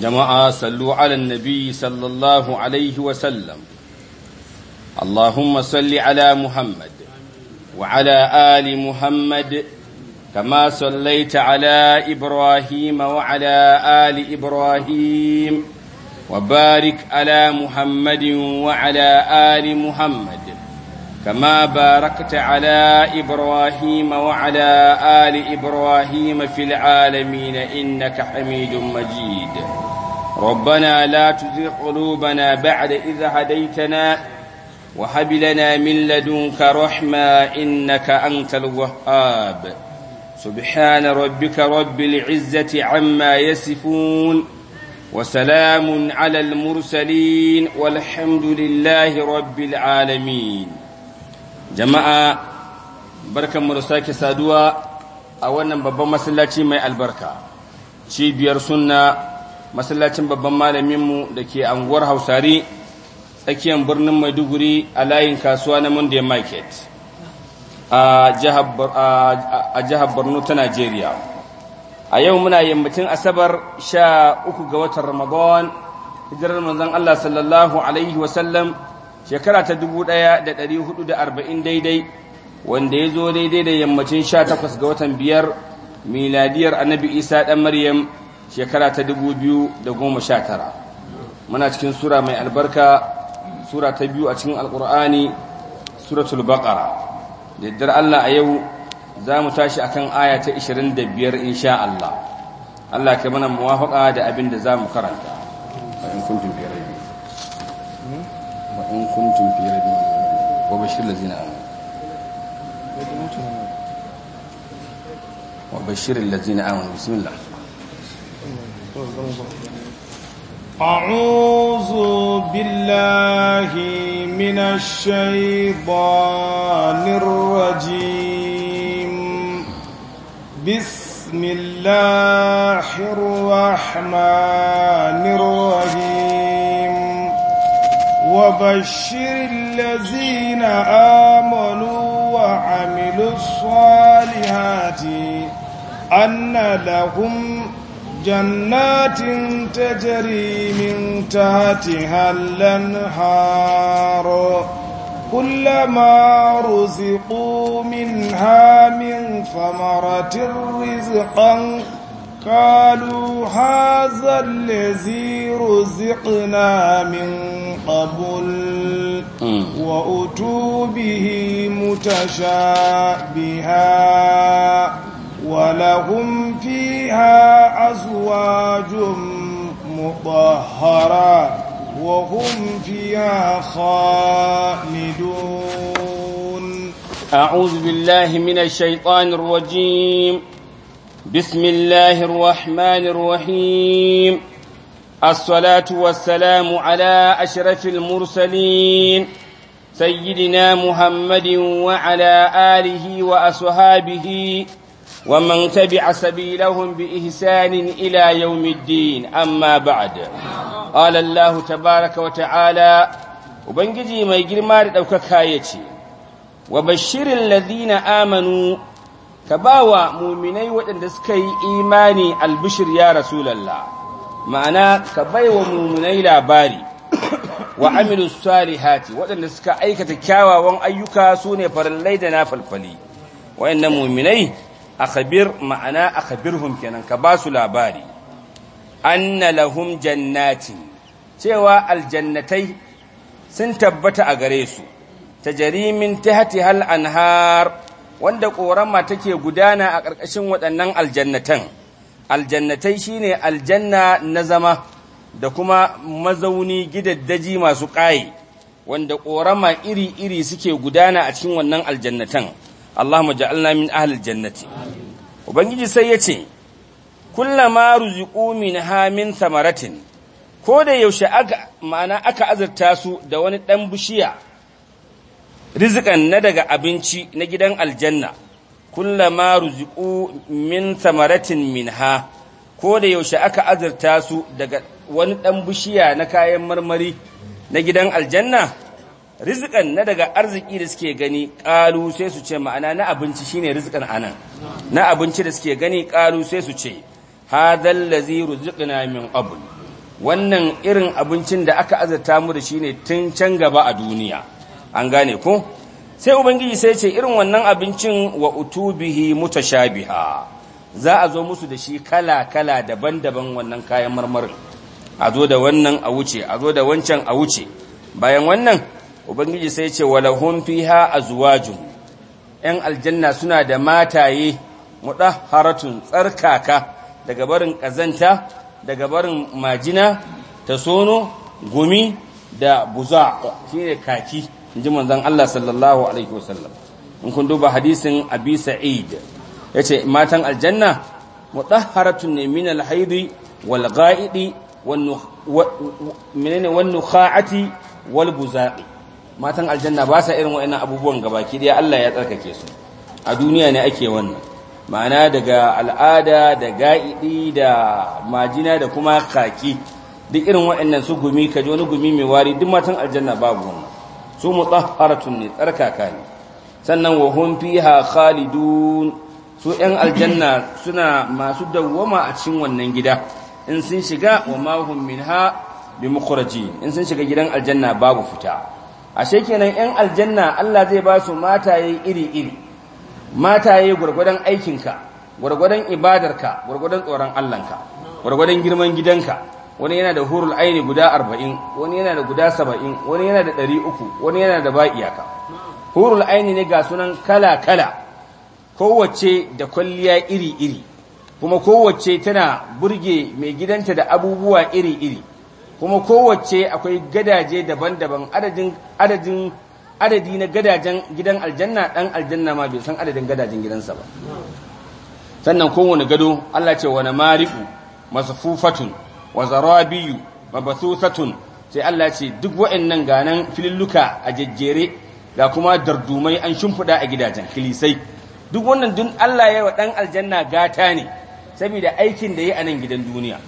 jama’a sallu ala nabi sallallahu alaihi wasallam Allahumma salli ala Muhammad wa ali Muhammad kama sallaita ala Ibrahim wa ala ali Ibrahim wa barik ala Muhammadin wa ala ali Muhammad كما باركت على إبراهيم وعلى آل إبراهيم في العالمين إنك حميد مجيد ربنا لا تزغ قلوبنا بعد إذ هديتنا وهب لنا من لدنك رحمة إنك أنت الوهاب سبحان ربك رب العزة عما يصفون وسلام على المرسلين والحمد لله رب العالمين jama'a barkan da sake saduwa a wannan babban masallaci mai albarka cibiyar sunna masallacin babban malaminmu da ke anguwar hausari tsakiyar birnin maiduguri a layin kasuwa na monday market a jihar borno ta najeriya a yau muna yammacin asabar sha uku ga watan ramadan hijirar manzon allah sallallahu alaihi wasallam shekara ta da da arba'in daidai wanda ya zo daidai da yammacin sha takwas ga watan biyar miladiyar annabi isa ɗan maryam shekara ta tara muna cikin sura mai albarka sura ta biyu a cikin alkur'ani suratul baqara da yaddar Allah a yau za mu tashi akan aya ta 25 insha Allah Allah kai mana muwafaƙa da abin da za mu karanta in kuntum in kuntum fi rabi wa bashir lazina wa bashir lazina amanu bismillah أعوذ بالله من الشيطان الرجيم بسم الله الرحمن وبشر الذين آمنوا وعملوا الصالحات أن لهم جنات تجري من تحتها الأنهار كلما رزقوا منها من ثمرة رزقا قالوا هذا الذي رزقنا من قبل وأتوا به متشابها ولهم فيها أزواج مطهرة وهم فيها خالدون أعوذ بالله من الشيطان الرجيم بسم الله الرحمن الرحيم الصلاة والسلام على أشرف المرسلين سيدنا محمد وعلى آله وأصحابه ومن تبع سبيلهم بإحسان إلى يوم الدين أما بعد قال الله تبارك وتعالى وبنجي ما يجري مارد أو كايتي وبشر الذين آمنوا كباوا مؤمني وأن تسكي إيماني البشر يا رسول الله ma'ana ka baiwa mummunai labari wa amilu salihati waɗanda suka aikata kyawawan ayyuka su ne farallai da na falfali mummunai muminai akhabir ma'ana a akhbirhum kenan ka ba su labari anna lahum jannatin cewa aljannatai sun tabbata a gare su ta ta hati hal anhar wanda ma take gudana a ƙarƙashin waɗannan aljannatan aljannatai shine aljanna na zama da kuma mazauni gidaddaji masu ƙaye wanda ƙorama iri-iri suke gudana a cikin wannan aljannatan Allahumma ja'alna min ahlil jannati ubangiji sai ya ce kullama ruziqu ha min thamaratin ko da yaushe aka ma'ana aka azurta su da wani dan bishiya rizikan na daga abinci na gidan aljanna kullama ruziku min samaratin minha ko da yaushe aka azurta su daga wani ɗan bishiya na kayan marmari na gidan aljanna rizikan na daga arziki da suke gani ƙalu sai su ce ma'ana na abinci shine rizikan anan na abinci da suke gani ƙalu sai su ce hadhal ladzi ruziqna min qabl wannan irin abincin da aka azurta mu da shine tun can gaba a duniya an gane ko sai ubangiji sai ce irin wannan abincin wa utubihi mutashabiha za a zo musu da shi kala kala daban-daban wannan kayan marmarin a zo da wannan a wuce a zo da wancan a wuce bayan wannan ubangiji sai ce walahum fiha azwajun yan aljanna suna da mataye mudahharatun tsarkaka daga barin kazanta daga barin majina ta sono gumi da buza shine kaki in ji manzan Allah sallallahu alaihi wasallam in kun duba hadisin Abi Sa'id ya ce matan aljanna mutahharatun ne min alhaidi wal ga'idi wal nukha'ati wal buzaqi matan aljanna ba sa irin wa'annan abubuwan gabaki daya Allah ya tsarkake su a duniya ne ake wannan ma'ana daga al'ada da ga'idi da majina da kuma kaki duk irin wa'annan su gumi kaji wani gumi mai wari duk matan aljanna babu wannan su mutahharatun ne tsarkaka ne sannan wa hum fiha khalidun su ɗan aljanna suna masu dawwama a cikin wannan gida in sun shiga wa mahun min ha bi mukhraji in sun shiga gidan aljanna babu fita ashe kenan ‘yan aljanna Allah zai ba su mataye iri-iri mataye gwargwadon aikinka gwargwadon ibadarka gurgurdan tsoron Allahnka gurgurdan girman gidanka wani yana da hurul aini guda arba'in wani yana da guda saba'in wani yana da ɗari uku wani yana da ba'iyaka hurul aini ne ga sunan kala-kala kowace da kwalliya iri-iri kuma kowace tana burge mai gidanta da abubuwa iri-iri kuma kowace akwai gadaje daban-daban adadin adadi na gadajen gidan aljanna ɗan aljanna ma bai san adadin gadajen gidansa ba sannan kowane gado Allah ce wani mariku masufufatun wa zarabiyu mabatsusatun sai Allah ce duk waɗannan ganan fililluka a jejjere ga kuma dardumai an shimfiɗa a gidajen kilisai duk wannan dun Allah ya yi wa ɗan aljanna gata ne saboda aikin da ya yi a nan gidan duniya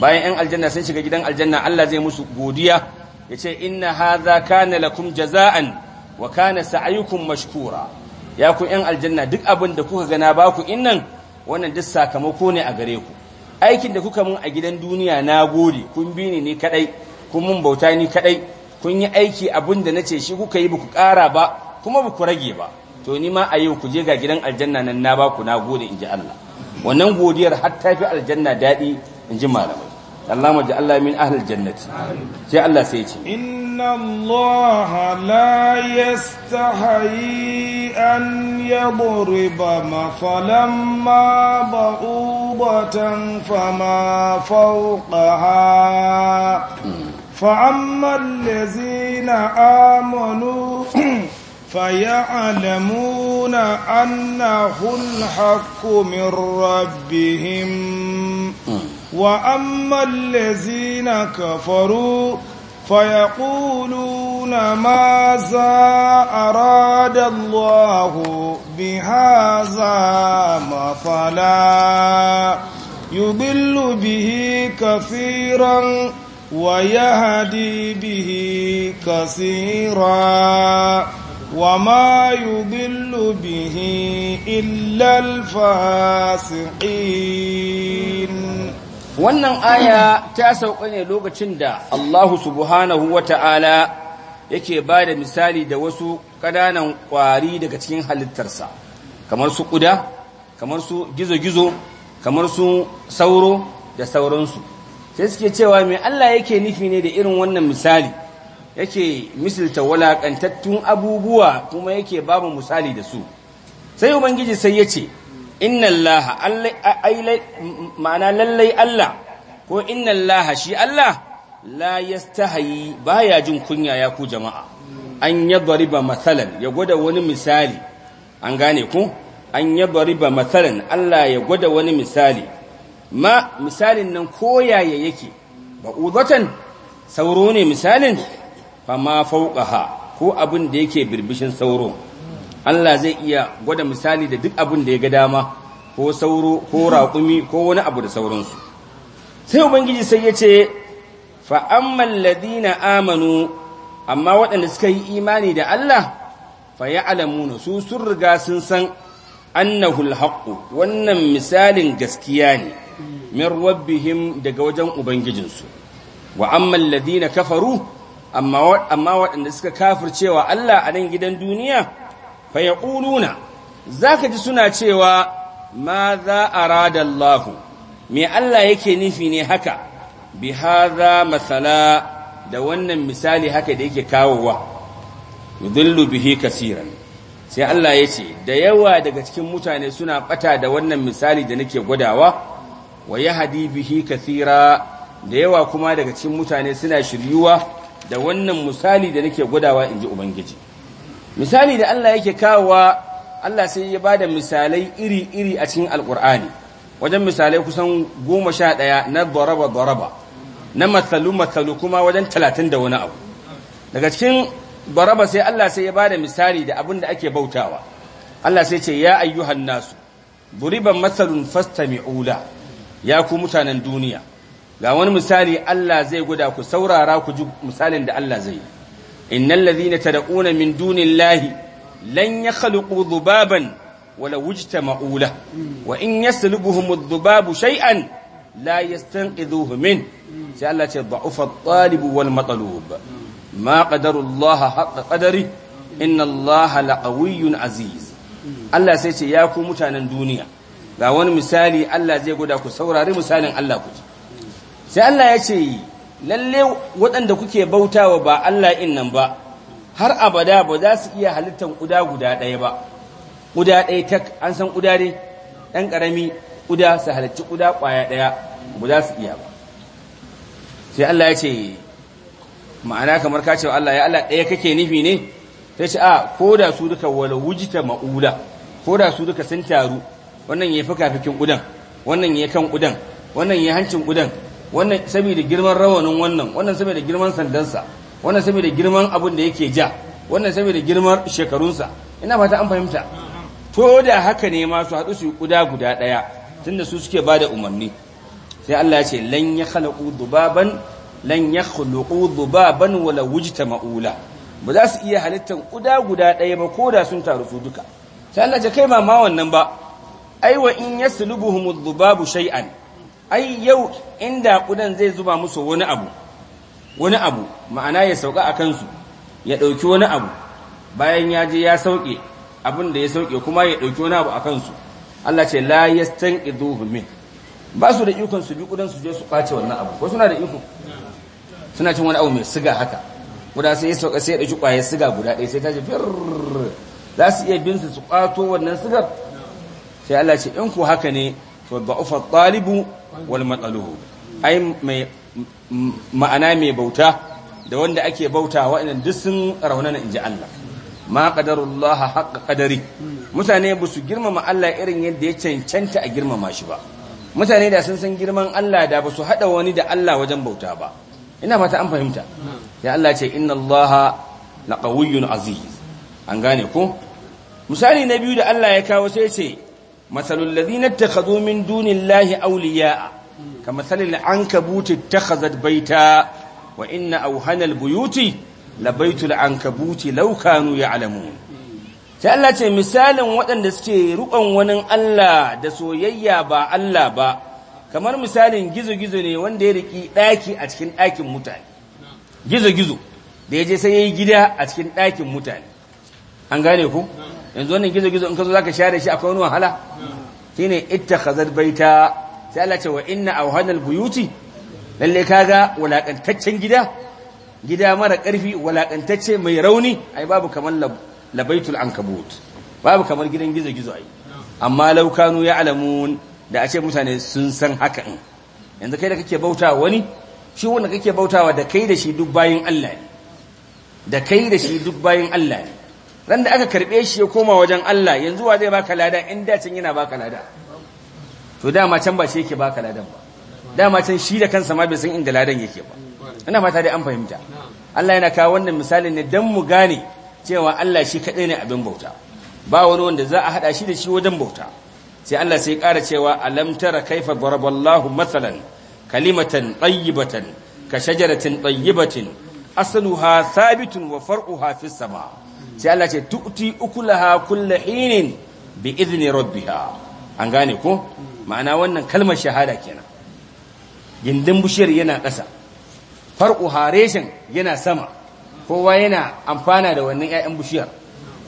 bayan 'yan aljanna sun shiga gidan aljanna Allah zai musu godiya ya ce inna haza kana lakum jaza'an wa kana sa'ayukum mashkura ya ku 'yan aljanna duk abin da kuka gana ba ku innan wannan duk sakamako ne a gare ku aikin da kuka mun a gidan duniya na gode kun bi ni ne kadai kun mun bauta ni kadai kun yi aiki abin da nace shi kuka yi buku ƙara ba kuma buku rage ba to ni ma a yau ku je ga gidan aljanna nan na ba ku na gode inji Allah wannan godiyar har ta fi aljanna daɗi inji malamai Allah mu ji Allah min ahlul jannati sai Allah sai ya ce الله لا يستحيي أن يضرب مثلا ما بعوضة فما فوقها فأما الذين آمنوا فيعلمون أنه الحق من ربهم وأما الذين كفروا فيقولون ماذا أراد الله بهذا مثلا يضل به كثيرا ويهدي به كثيرا وما يضل به إلا الفاسقين wannan aya ta sauka ne lokacin da Allahu subhanahu wa ta'ala yake ba da misali da wasu ƙananan ƙwari daga cikin halittarsa kamar su ƙuda kamar su gizo-gizo kamar su sauro da sauransu sai suke cewa mai Allah yake nufi ne da irin wannan misali yake misilta walaƙantattun abubuwa kuma yake babu misali da su sai ubangiji sai ya ce inna Allah ma'ana lallai Allah ko inna Allah shi Allah la Ba baya jin kunya ya ku jama'a an yadriba mathalan ya gwada wani misali an gane ku an yadriba mathalan Allah ya gwada wani misali ma misalin nan koyaye yake ba'udatan sauro ne misalin fama ha, ko abin da yake birbishin sauro Allah zai iya gwada misali da duk abin da ya ga dama ko sauro ko raƙumi ko wani abu da sauransu sai ubangiji sai ya ce fa ammal ladina amanu amma waɗanda suka yi imani da Allah fa ya'lamuna su sun riga sun san annahu alhaqqu wannan misalin gaskiya ne min rabbihim daga wajen ubangijinsu wa ammal ladina kafaru amma amma waɗanda suka kafircewa Allah a nan gidan duniya fa za zaka ji suna cewa ma za arada Allah me Allah yake nufi ne haka bi hadha masala da wannan misali haka da yake kawowa yudillu bihi kaseeran sai Allah ya ce da yawa daga cikin mutane suna bata da wannan misali da nake gwadawa wa yahdi bihi kasira. da yawa kuma daga cikin mutane suna shiryuwa da wannan misali da nake gwadawa inji ubangiji misali da Allah yake kawowa Allah sai ya bada misalai iri-iri a cikin alkur'ani wajen misalai kusan goma sha ɗaya na doraba doraba na matsalu matsalu kuma wajen talatin da wani abu daga cikin doraba sai Allah sai ya bada misali da abin da ake bautawa Allah sai ce ya ayyuhan nasu buriban matsalun fastami'ula ya ku mutanen duniya ga wani misali Allah zai guda ku saurara ku ji misalin da Allah zai yi innal ladhina tad'una min dunillahi lan yakhluqu dhubaban wala wujtama'u lahu wa in yaslubuhum adh-dhubabu shay'an la yastanqidhuhu min sai Allah ce dha'ufa at-talib wal matlub ma qadara Allah qadari inna Allah laqawiyyun aziz Allah sai ce ya ku mutanen duniya ga wani misali Allah zai goda ku saurari misalin Allah ku sai Allah ya ce lalle waɗanda kuke bautawa ba Allah in nan ba har abada ba za su iya halittar ƙuda guda ɗaya ba ƙuda ɗaya tak an san ƙuda ne ɗan ƙarami ƙuda su halarci ƙuda ƙwaya ɗaya ba za su iya ba sai Allah ya ce ma'ana kamar ka ce Allah ya Allah ɗaya kake nufi ne ta ce a ko da su duka wala wujita ma'ula ko da su duka sun taru wannan ya fi kafikin ƙudan wannan ya kan ƙudan wannan ya hancin ƙudan wannan saboda girman rawanin wannan wannan saboda girman sandansa wannan saboda girman abin da yake ja wannan saboda girman shekarunsa ina fata an fahimta to da haka ne ma su haɗu su guda guda ɗaya tunda su suke bada umarni sai Allah ya ce lan ya khalaqu dubaban lan ya khuluqu dubaban wala wujta maula ba za su iya halittar kuda guda ɗaya ba ko da sun taru su duka sai Allah ya kai ma ma wannan ba ai wa in yaslubuhum dubabu shay'an ai yau inda kudan zai zuba musu wani abu wani abu ma'ana ya sauka a kansu ya ɗauki wani abu bayan ya je ya sauke abin da ya sauke kuma ya ɗauki wani abu a kansu Allah ce la yastanqidhuhu min ba su da ikon su bi kudan su je su kwace wannan abu ko suna da iko suna cin wani abu mai siga haka guda sai ya sauka sai ya ɗauki ƙwayar siga guda ɗaya sai ta ji za su iya bin su su kwato wannan sigar sai Allah ce in ku haka ne to da'ufa talibu wal matsaluhu ai mai ma'ana mai bauta da wanda ake bauta waɗannan duk sun raunana inji Allah ma qadarullah haqqa qadari mutane ba su girmama Allah irin yadda ya cancanta a girmama shi ba mutane da sun san girman Allah da ba su hada wani da Allah wajen bauta ba ina fata an fahimta ya Allah ce inna Allah laqawiyyun aziz an gane ko misali na biyu da Allah ya kawo sai ce masalul ladina takhadhu min dunillahi awliya'a ka buti ta كمثل wa اتخذت بيتا وإن buyuti la'baitu ka buti laukanu ya alamu. ta Allah ce misalin waɗanda suke ruɓan wani Allah da soyayya ba Allah ba kamar misalin gizo-gizo ne wanda ya riki ɗaki a cikin ɗakin mutane gizo-gizo da ya je sai ya yi gida a cikin ɗakin mutane an gane ku yanzu wannan gizo-gizo in ka zo za ka share shi akwai wani wahala shi ne ita baita sai Allah ce wa inna awhanal buyuti lalle kaga walakantaccen gida gida mara karfi walakantacce mai rauni ai babu kamar labaitul ankabut babu kamar gidan gizo gizo ai amma law kanu ya'lamun da a mutane sun san haka in yanzu kai da kake bautawa wani shi wanda kake bautawa da kai da shi duk bayin Allah ne da kai da shi duk bayin Allah ne ran da aka karbe shi ya koma wajen Allah yanzu wa zai baka lada in da can yana baka lada to dama can ba shi yake baka ladan ba dama can shi da kansa ma bai san inda ladan yake ba ina fata dai an fahimta Allah yana kawo wannan misali ne dan mu gane cewa Allah shi kadai ne abin bauta ba wani wanda za a hada shi da shi wajen bauta sai Allah sai ƙara cewa alam tara kaifa daraballahu mathalan kalimatan tayyibatan ka shajaratin tayyibatin asluha thabitun wa far'uha fis sama sai Allah ce tu'ti ukulaha kullu hinin bi idni rabbiha an gane ko ma'ana wannan kalmar shahada kenan gindin bishiyar yana ƙasa farko hareshin yana sama kowa yana amfana da wannan 'ya'yan bishiyar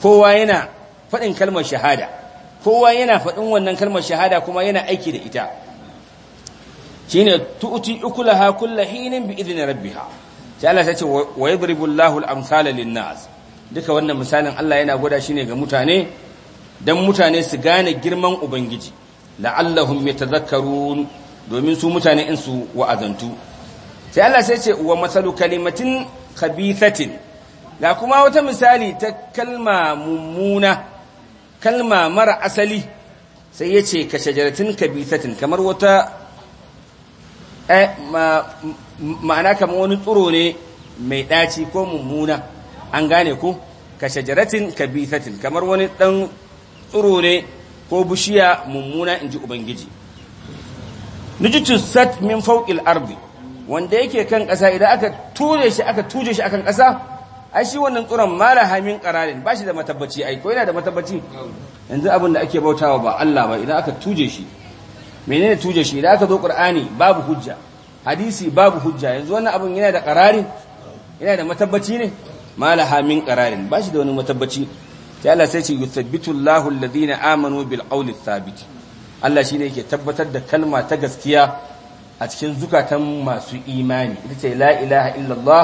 kowa yana faɗin kalmar shahada kowa yana faɗin wannan kalmar shahada kuma yana aiki da ita shine tu'ti ukulaha kullu hinin bi idni rabbiha sai Allah sace wa yadribu Allahu al-amsala lin-nas duka wannan misalin Allah yana gwada shi ne ga mutane dan mutane su gane girman ubangiji la'allahum yatadhakkarun domin su mutane in su wa'azantu sai Allah sai ce wa masalu kalimatin khabithatin ga kuma wata misali ta kalma mummuna kalma mara asali sai ya ce ka shajaratin kabithatin kamar wata eh, ma'ana kamar wani tsoro ne mai ɗaci ko mummuna an gane ku ka shajaratin kabithatin kamar wani ɗan tsoro ne ko bishiya mummuna in ji ubangiji nujitu sat min fawqil ardi wanda yake kan ƙasa idan aka ture shi aka tuje shi akan ƙasa ai shi wannan tsuron mara hamin qararin ba shi da matabbaci ai ko yana da matabbaci yanzu abin da ake bautawa ba Allah ba idan aka tuje shi menene tuje shi idan aka zo qur'ani babu hujja hadisi babu hujja yanzu wannan abin yana da qararin yana da matabbaci ne mala hamin qararin ba shi da wani matabbaci sai Allah sai ce yuthabbitu Allahu alladhina amanu bil qawli thabit Allah shine yake tabbatar da kalma ta gaskiya a cikin zukatan masu imani ita ce la ilaha illallah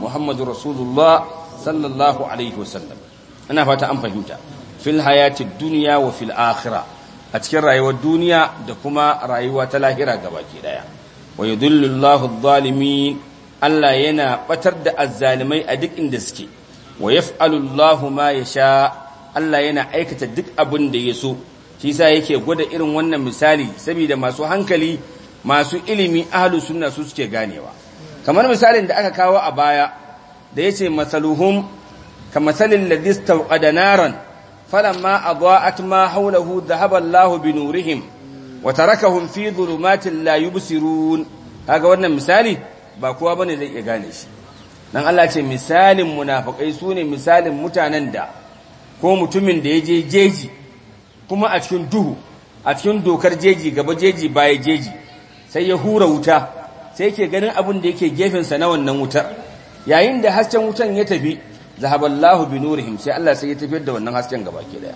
muhammadur rasulullah sallallahu alaihi wasallam ina fata an fahimta fil hayati dunya wa fil akhirah a cikin rayuwar duniya da kuma rayuwa ta lahira gabaki daya wa yudillu Allahu adh-dhalimin Allah yana batar da azzalimai a duk inda suke wa yaf'alu Allahu ma yasha Allah yana aikata duk abin da ya so shi yasa yake gwada irin wannan misali saboda masu hankali masu ilimi ahalu sunna su suke ganewa kamar misalin da aka kawo a baya da yace masaluhum kamasalin ladhi istawqada naran falamma adaa'at ma hawlahu dhahaba Allahu binurihim wa tarakahum fi dhulumatin la yubsirun kaga wannan misali ba kowa bane zai iya gane shi dan Allah ce misalin su sune misalin mutanen da ko mutumin da ya je jeji kuma a cikin duhu a cikin dokar jeji gaba jeji baya jeji sai ya hura wuta sai yake ganin abin da yake gefensa na wannan wutar yayin da hasken wutan ya tafi zahaballahu bi nurihim sai Allah sai ya tafiyar da wannan hasken gaba ke daya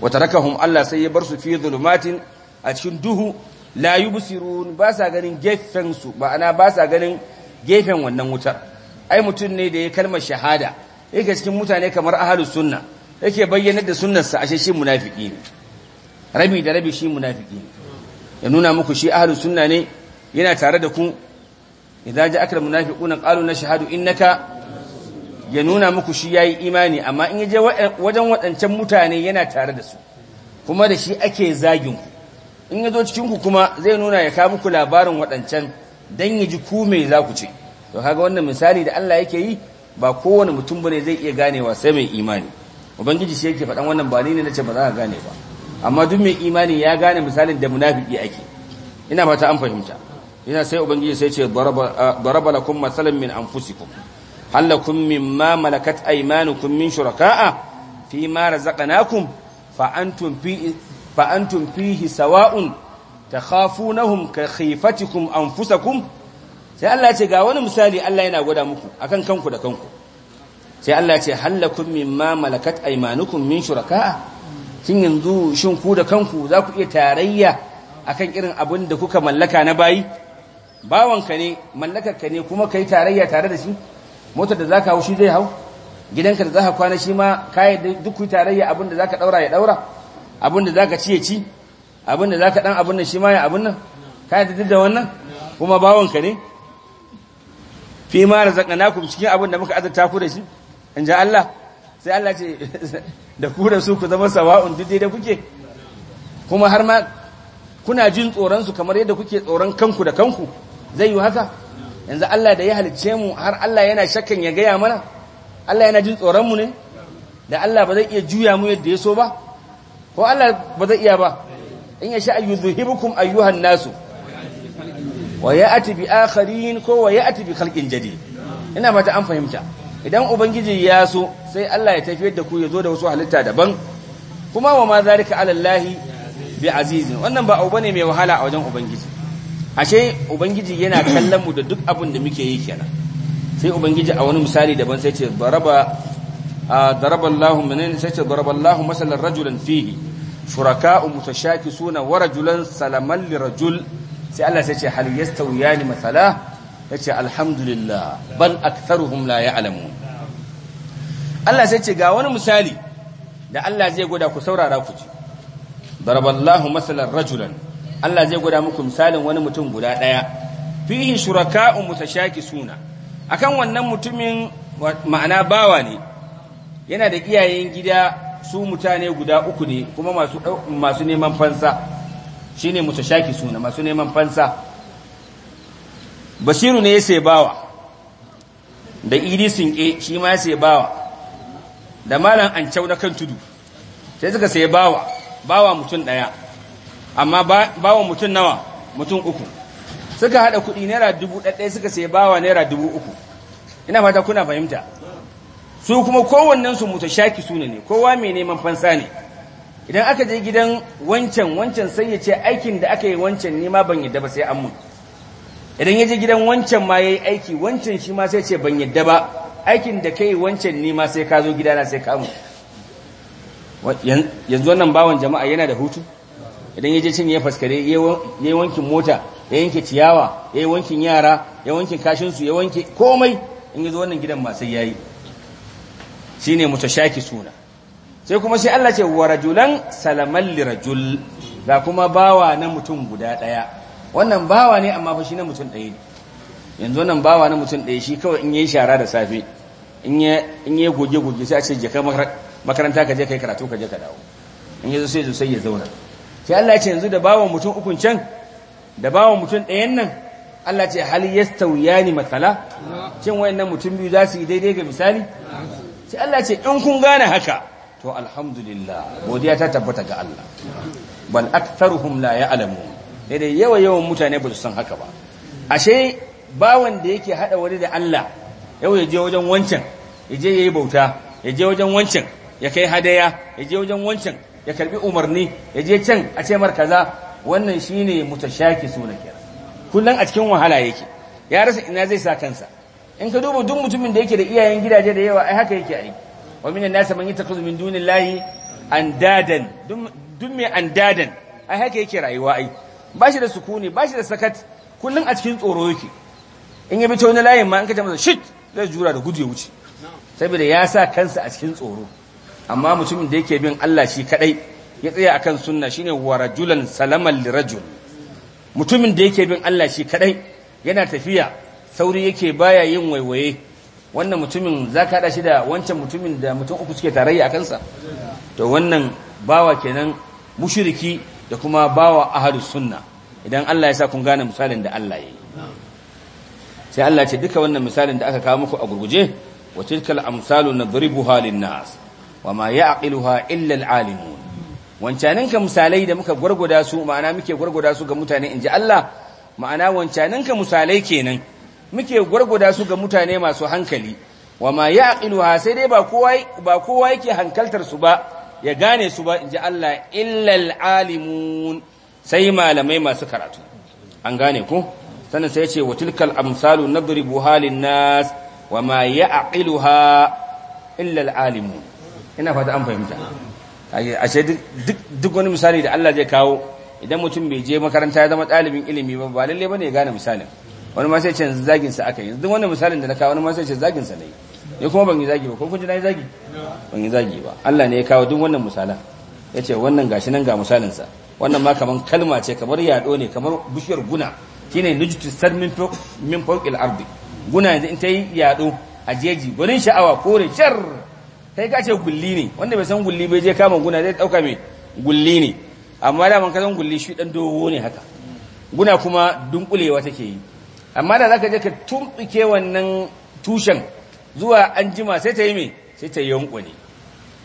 wata tarakahum Allah sai ya bar su fi zulumatin a cikin duhu la yubsirun ba sa ganin gefen su ba ana ba sa ganin gefen wannan wutar ai mutum ne da ya kalmar shahada yake cikin mutane kamar ahlus sunna yake bayyanar da sunnarsa ashe shi munafiki ne rabi da rabi shi munafiki ne ya nuna muku shi ahlus sunna ne yana tare da ku idan ja akal munafiquna qalu nashhadu innaka ya nuna muku shi yayi imani amma in yaje wajen wadancan mutane yana tare da su kuma da shi ake zagin ku in yazo cikin ku kuma zai nuna ya ka muku labarin wadancan dan yaji ku me za ku ce to kaga wannan misali da Allah yake yi ba kowane mutum bane zai iya ganewa sai mai imani ubangiji shi yake faɗan wannan ba ni ne nace ba za ka gane ba amma duk mai imani ya gane misalin da munafiki ake ina fata an fahimta ina sai ubangiji sai ce daraba lakum masalan min anfusikum hal lakum mimma malakat aymanukum min shuraka'a fi ma razaqnakum fa antum fi fa antum fihi sawa'un takhafunahum ka khifatikum anfusakum sai Allah ya ce ga wani misali Allah yana gwada muku akan kanku da kanku sai Allah ya ce halakum mimma malakat aymanukum min shuraka'a shin yanzu shin ku da kanku za ku iya tarayya akan irin abin da kuka mallaka na bayi bawanka ne mallakarka ne kuma kai tarayya tare da shi motar da zaka hau shi zai hau gidanka da zaka kwana shi ma kai duk ku tarayya abin da zaka daura ya daura abin da zaka ci ya ci abin da zaka dan abin nan shi ma ya abin nan kai da duk da wannan kuma bawanka ne fi ma razaqnakum cikin abin da muka azata ku da shi in ji Allah sai Allah ce da ku da su ku zama sawa'un duk da kuke kuma har ma kuna jin tsoronsu kamar yadda kuke tsoron kanku da kanku zai yi haka yanzu Allah da ya halicce mu har Allah yana shakkan ya gaya mana Allah yana jin mu ne da Allah ba zai iya juya mu yadda ya so ba ko Allah ba zai iya ba in ya sha ayyu zuhibukum ayyuhan nasu wa ya'ti bi akharin ko wa ya'ti bi khalqin jadid ina fata an fahimta idan ubangiji ya so sai Allah ya tafiyar da ku ya zo da wasu halitta daban kuma wa ma zalika ala Allah bi azizin wannan ba abu bane mai wahala a wajen ubangiji ashe ubangiji yana kallon mu da duk abin da muke yi kenan sai ubangiji a wani misali daban sai ce daraba daraba Allahu minan sai ce daraba Allahu masalan rajulan fihi shuraka'u mutashakisuna wa rajulan salaman lirajul sai Allah sai ce hal yastawiyani masala yace alhamdulillah bal aktharuhum la ya'lamu Allah sai ce ga wani misali da Allah zai gwada ku saurara ku ji daraballahu masalan rajulan Allah zai gwada muku misalin wani mutum guda daya fihi shuraka'u mutashakisuna akan wannan mutumin ma'ana bawa ne yana da iyayen gida su mutane guda uku ne kuma masu neman fansa shine mutashaki suna masu neman fansa basiru ne ya sai bawa da idi ke shi ma ya sai bawa da malam ancau na kan tudu sai suka sai bawa bawa mutum ɗaya amma bawa mutum nawa mutum uku suka haɗa kuɗi naira dubu ɗaɗɗaya suka sai bawa naira dubu uku ina fata kuna fahimta su kuma kowannensu shaki suna ne kowa mai neman fansa ne idan aka je gidan wancan wancan sai ya ce aikin da aka yi wancan nema ban yadda ba sai an mutu idan yaje gidan wancan ma yayi aiki wancan shi ma sai ce ban yadda ba aikin da kai wancan ni ma sai ka zo gidana sai ka mu yanzu wannan bawan jama'a yana da hutu idan yaje cin ya faskare yayi wankin mota ya yanke ciyawa ya wankin yara ya wankin kashin su ya wanke komai in yazo wannan gidan ma sai yayi shine shaki suna sai kuma sai Allah ce wa rajulan salaman lirajul ga kuma bawa na mutum guda daya wannan bawa ne amma fa shi na mutum ɗaya ne yanzu wannan bawa na mutum ɗaya shi kawai in yi shara da safe in yi goge-goge sai a ce jaka makaranta ka je ka yi karatu ka je ka dawo in yi sai zo sai ya zauna sai Allah ce yanzu da bawa mutum ukun can da bawa mutum ɗayan nan Allah ce hali ya tauya ni matsala cin wayannan mutum biyu za su yi daidai ga misali sai Allah ce in kun gane haka to alhamdulillah godiya ta tabbata ga Allah bal aktharuhum la ya'lamun sai dai yawa yawan mutane ba su san haka ba ashe bawan da yake haɗa wani da Allah yau ya je wajen wancan ya je yi bauta ya je wajen wancan ya kai hadaya ya je wajen wancan ya karbi umarni ya je can a ce mar kaza wannan shine mutashaki suna kira Kullum a cikin wahala yake ya rasa ina zai sa kansa in ka duba duk mutumin da yake da iyayen gidaje da yawa ai haka yake aiki wa minan nas man yattakhidhu min dunillahi andadan duk mai andadan ai haka yake rayuwa ai ba shi da sukuni ba shi da sakat kullum a cikin tsoro yake in ya bi ta wani layin ma in ka masa shit zai jura da gudu ya wuce saboda ya sa kansa a cikin tsoro amma mutumin da yake bin Allah shi kadai ya tsaya akan sunna shine wa rajulan salaman lirajul mutumin da yake bin Allah shi kadai yana tafiya sauri yake baya yin waiwaye wannan mutumin zaka hada shi da wancan mutumin da mutum uku suke tarayya a kansa to wannan bawa kenan mushiriki. da kuma bawa ahadu sunna idan Allah ya sa kun gane misalin da Allah yi sai Allah ce duka wannan misalin da aka kawo muku a gurguje wa tilkal amsalu nadribuha linnas wa ma ya'qiluha illa alalimun wancaninka misalai da muka gurguda su ma'ana muke gurguda su ga mutane inji Allah ma'ana wancaninka misalai kenan muke gurguda su ga mutane masu hankali wa ma ya'qiluha sai dai ba kowa ba kowa yake hankaltar su ba ya gane su ba in ji Allah illal alimun sai malamai masu karatu an gane ko sannan sai ya ce wa amsalu nadribu halin nas wa ma ya'qiluha illa alimun ina fata an fahimta ashe duk duk wani misali da Allah zai kawo idan mutum bai je makaranta ya zama ɗalibin ilimi ba ba lalle bane ya gane misalin wani ma sai ce zagin sa aka yi duk wani misalin da na kawo wani ma sai ce zagin sa ne ne kuma ban yi zagi ba ko kun ji na yi zagi ban yi zagi ba Allah ne ya kawo duk wannan misalan ya ce wannan gashi nan ga sa wannan ma kamar kalma ce kamar yaɗo ne kamar bishiyar guna shine nujtu sar min min fawqil ardi guna yanzu in ta yi yado a jeji gurin sha'awa kore shar kai ka ce gulli ne wanda bai san gulli bai je kama guna zai ɗauka mai gulli ne amma da man san gulli shi dan dowo ne haka guna kuma dunkulewa take yi amma da zaka je ka tumbike wannan tushen zuwa an jima sai ta yi mai sai ta yankune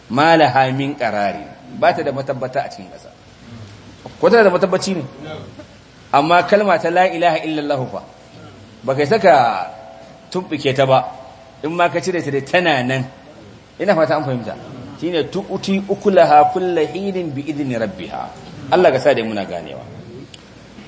malaha hamin karari ba ta da matabbata a cikin ƙasa ko ta da matabbaci ne amma kalma ta la ilaha illallah fa ba kai saka tubbike ta ba in ma ka cire ta da tana nan ina fata an fahimta Shi shine tuuti ukulaha kullu hinin bi rabbi ha Allah ga sa da muna ganewa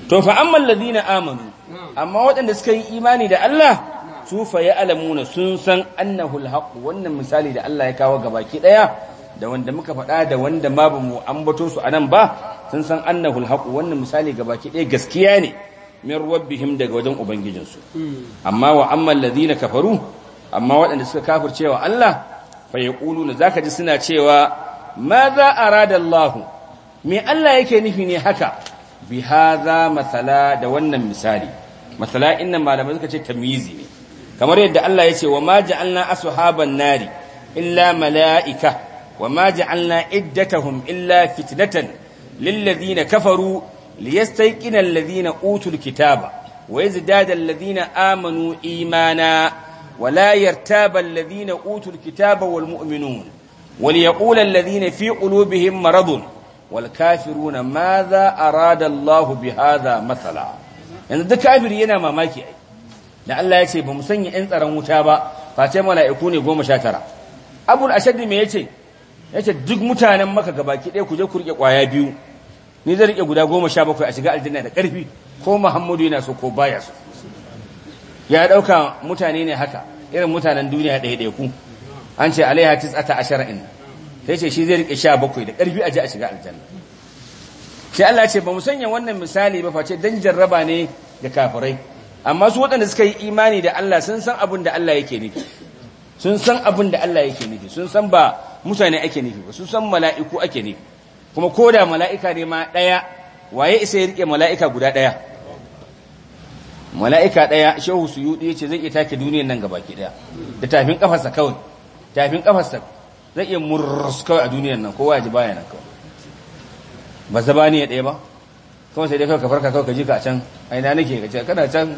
to fa amma amanu amma waɗanda suka yi imani da Allah Sufa ya alamuna sun san annahul alhaq wannan misali da Allah ya kawo gabaki daya da wanda muka faɗa da wanda ma bamu ambato su anan ba sun san annahul alhaq wannan misali gabaki daya gaskiya ne min rabbihim daga wajen ubangijinsu hmm. amma wa amma alladhina kafaru amma waɗanda suka wa Allah fa yaquluna zaka ji suna cewa maza arada Allah me Allah yake nufi ne haka bi hadha masala da wannan misali masala inna malamai suka ce tamyizi ne kamar yadda Allah ya ce wa ma ja'alna ashaban nari illa mala'ika wa ma ja'alna iddatahum illa fitnatan lil ladina kafaru liyastayqina alladhina utul kitaba wa yazdada alladhina amanu imana wa la yartaba alladhina utul kitaba wal mu'minun wal yaqula alladhina fi qulubihim maradun wal kafiruna madha arada Allahu bihadha mathala yanzu duk kafiri yana mamaki ai da Allah ya ce ba mu sanya yan tsaron wuta ba face mala'iku ne goma sha tara abul ashadi me yace yace duk mutanen maka gabaki ɗaya ku je ku rike kwaya biyu ni zai rike guda goma sha bakwai a shiga aljanna da ƙarfi ko muhammadu yana so ko baya so ya ɗauka mutane ne haka irin mutanen duniya ɗaya ku an ce alaiha tis'ata ashara in sai ce shi zai rike sha bakwai da ƙarfi a je a shiga aljanna sai Allah ce ba mu sanya wannan misali ba face dan jarraba ne ga kafirai amma su waɗanda suka yi imani da Allah sun san abin da Allah yake nufi sun san abin da Allah yake nufi sun san ba mutane ake nufi ba sun san mala'iku ake nufi kuma ko da mala'ika ne ma ɗaya waye isa ya riƙe mala'ika guda ɗaya mala'ika ɗaya shehu su yuɗi ya ce zai iya take duniyan nan gaba ki ɗaya da tafin ƙafarsa kawai tafin ƙafarsa zai iya murrus kawai a duniyan nan kowa ya ji baya nan kawai ba zaba ne ya ɗaya ba kawai sai dai kawai ka farka kawai ka ji ka a can aina nake ka ce kana can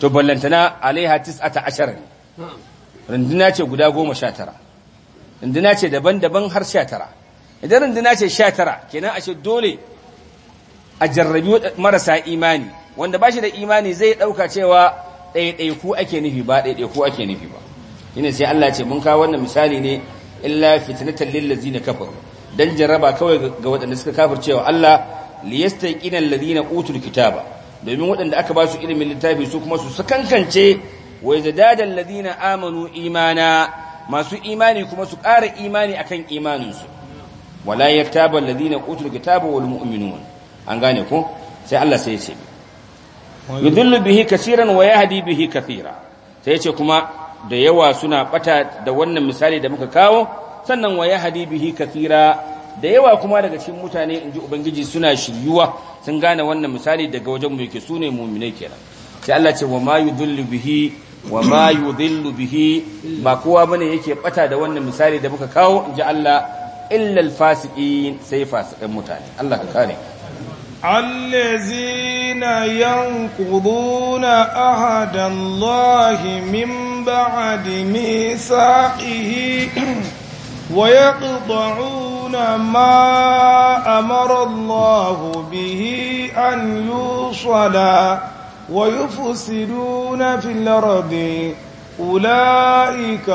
to ballantana alaiha tis'ata ashara ne runduna ce guda goma sha tara runduna ce daban-daban har sha tara idan runduna ce sha tara kenan ashe dole a jarrabi marasa imani wanda ba shi da imani zai ɗauka cewa ɗaiɗaiku ake nufi ba ɗaiɗaiku ake nufi ba shine sai Allah ce mun kawo wannan misali ne illa fitnatan lil ladzina kafaru dan jarraba kawai ga waɗanda suka cewa Allah liyastaqina alladhina utul kitaba domin waɗanda aka ba su ilimin littafi su kuma su sakankance wai zadadal ladina amanu imana masu imani kuma su ƙara imani akan imaninsu wala kotu alladhina utul kitaba wal mu'minun an gane ko sai Allah sai ya ce yudillu bihi kasiran wa hadi bihi kasira sai yace ce kuma da yawa suna ɓata da wannan misali da muka kawo sannan wa hadi bihi kasira. da yawa kuma daga cikin mutane in ji ubangiji suna shiryuwa sun gane wannan misali daga wajen mu yake sune mu'minai kenan sai Allah ce wa ma bihi wa ma bihi ba kowa bane yake bata da wannan misali da muka kawo in ji Allah illa alfasiqin sai fasikan mutane Allah ka kare الذين ينقضون أهد الله من بعد ميثاقه ويقطعون ما أمر الله به أن يوصل ويفسدون في الأرض أولئك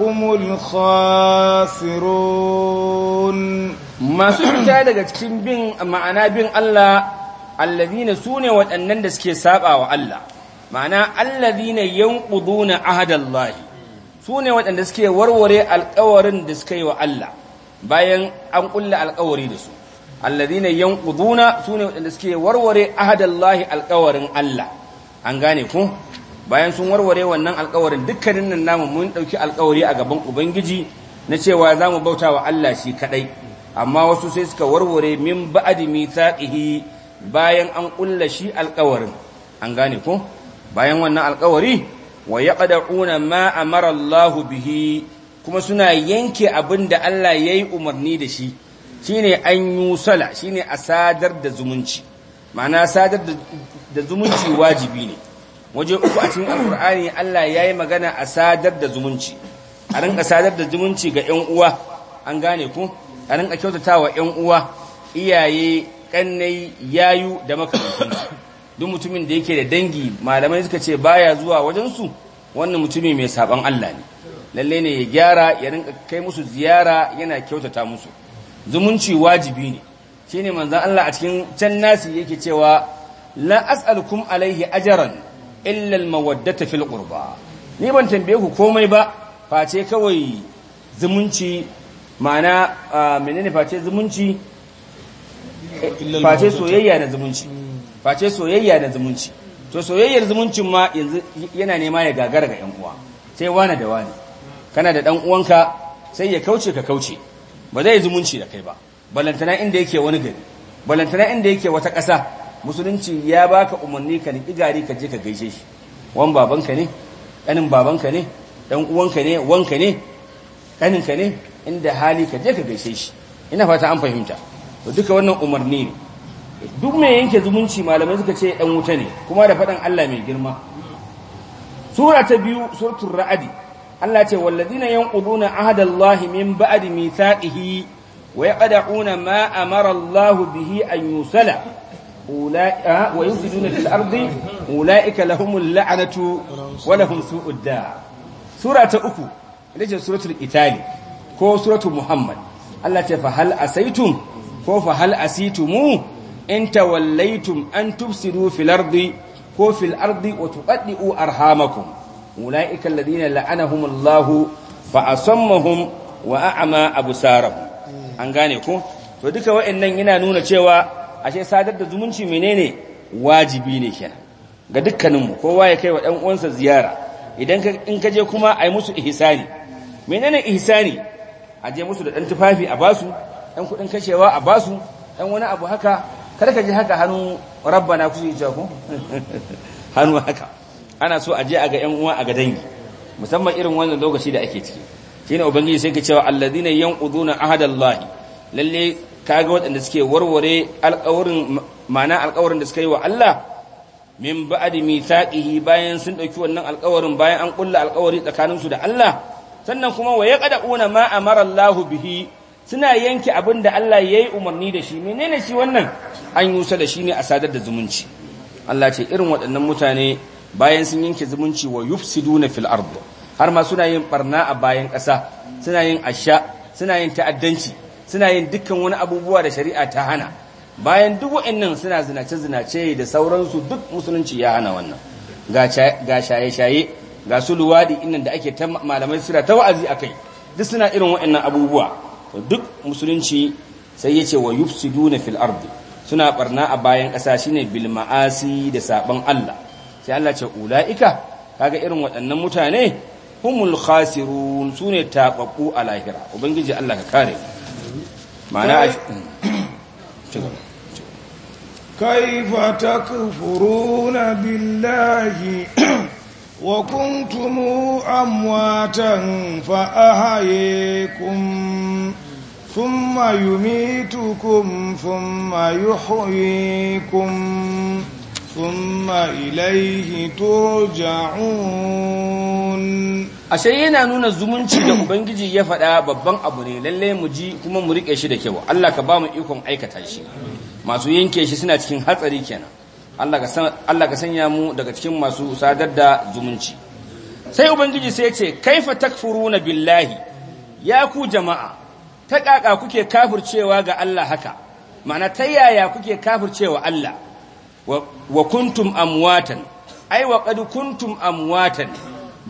هم الخاسرون ما سنتا daga cikin bin ma'ana bin Allah alladhina sune waɗannan da suke saba wa Allah ma'ana alladhina na ahadallahi su ne waɗanda suke warware alkawarin da suka yi wa Allah bayan an ƙulla alkawari da su alladhina ƙuduna su ne waɗanda suke warware ahadallahi alkawarin Allah an gane ku bayan sun warware wannan alkawarin dukkanin nan namu mun ɗauki alkawari a gaban ubangiji na cewa za mu bauta wa Allah shi kaɗai amma wasu sai suka warware min ba'adi mithaqihi bayan an ƙulla shi alkawarin an gane ku bayan wannan alkawari wa yaqda'una ma amara Allah bihi kuma suna yanke abin da Allah yayi umarni da shi shine an yusala shine a sadar da zumunci ma'ana sadar da zumunci wajibi ne waje uku a cikin alkur'ani Allah ya yi magana a sadar da zumunci a rinka sadar da zumunci ga 'yan uwa an gane ku a rinka wa 'yan uwa iyaye kannai yayu da makamantansu duk mutumin da yake da dangi malamai suka ce baya zuwa wajen su wannan mutumi mai saban Allah ne lalle ne ya gyara ya rinka kai musu ziyara yana kyautata musu zumunci wajibi ne shine manzon Allah a cikin can nasi yake cewa la as'alukum alaihi ajran illa almawaddata fil qurba ni ban tambaye ku komai ba face kawai zumunci ma'ana ah, menene face zumunci face soyayya da zumunci face soyayya da zumunci to soyayyar zumuncin ma yanzu yana nema ya gagara ga yan uwa sai wani da wani kana da dan uwanka sai ya kauce ka kauce ba zai zumunci da kai ba balantana inda yake wani gari balantana inda yake wata ƙasa musulunci ya baka umarni ka ni igari ka je ka gaishe shi wan babanka ne ɗanin babanka ne ɗan uwanka ne wanka ne ɗaninka ne inda hali ka je ka gaishe shi ina fata an fahimta to duka wannan umarni ne duk mai yanke zumunci malamai suka ce ɗan wuta ne kuma da faɗan Allah mai girma sura ta biyu suratul ra'adi Allah ce walladina yanquduna ahadallahi min ba'di mithaqihi wa yaqda'una ma amara Allah bihi an yusala ulaika ah, wa yufsiduna fil ardi ulaika lahumul la'natu wa lahum su'ud da sura ta uku ita ce suratul itali ko suratul muhammad Allah ce fa hal asaitum ko fa hal asitumu in tawallaitum an tufsidu fil ardi ko fil ardi wa tuqaddiu arhamakum ulaika alladhina a fa asammahum wa a'ma absarahum an gane ko to duka waɗannan yana nuna cewa ashe sadar da zumunci menene wajibi ne kenan ga dukkaninmu kowa ya kai wa ɗan uwansa ziyara idan ka in ka je kuma ai musu ihsani menene ihsani a je musu da ɗan tufafi a basu ɗan kuɗin kashewa a basu ɗan wani abu haka karka ka ji haka hannu rabbana kusa yi hannu haka ana so a je a ga yan uwa a ga dangi musamman irin wannan lokaci da ake ciki shine ubangiji sai ka cewa alladhina yanquduna ahadallahi lalle kaga waɗanda suke warware alƙawarin ma'ana alƙawarin da suka yi wa Allah min ba'di mithaqihi bayan sun dauki wannan alƙawarin bayan an kulla alƙawari tsakaninsu da Allah sannan kuma wa yaqda'una ma amara Allahu bihi suna yanke abin da Allah ya yi umarni da shi menene shi wannan an usa da shi ne a sadar da zumunci Allah ce irin waɗannan mutane bayan sun yanke zumunci wa yufsiduna fil ard har ma suna yin barna a bayan ƙasa suna yin asha suna yin ta'addanci suna yin dukkan wani abubuwa da shari'a ta hana bayan duk waɗannan suna zinace zinace da sauransu duk musulunci ya hana wannan ga shaye shaye ga su luwadi inda ake ta malamai suna ta wa'azi akai duk suna irin waɗannan abubuwa to duk musulunci sai ya ce wa yufsiduna fil ardi suna barna a bayan ƙasa shine bil ma'asi da saban Allah sai Allah ce ulaika kaga irin waɗannan mutane humul khasirun sune tababbu a lahira ubangiji Allah ka kare ma'ana hmm. furu na billahi. وكنتم أمواتا فأهيكم ثم يميتكم ثم يحييكم ثم إليه ترجعون ashe yana nuna zumunci da ubangiji ya faɗa babban abu ne lalle mu ji kuma mu riƙe shi da kyau Allah ka ba mu ikon aikata shi masu yanke shi suna cikin hatsari kenan Allah ka sanya mu daga cikin masu sadar da zumunci sai ubangiji sai kai ce kaifa na billahi ya ku jama'a ta ƙaƙa kuke kafircewa ga Allah haka ma'ana ta yaya kuke kafircewa Allah wa kuntum amwatan ai wa ƙadu kuntum amwatan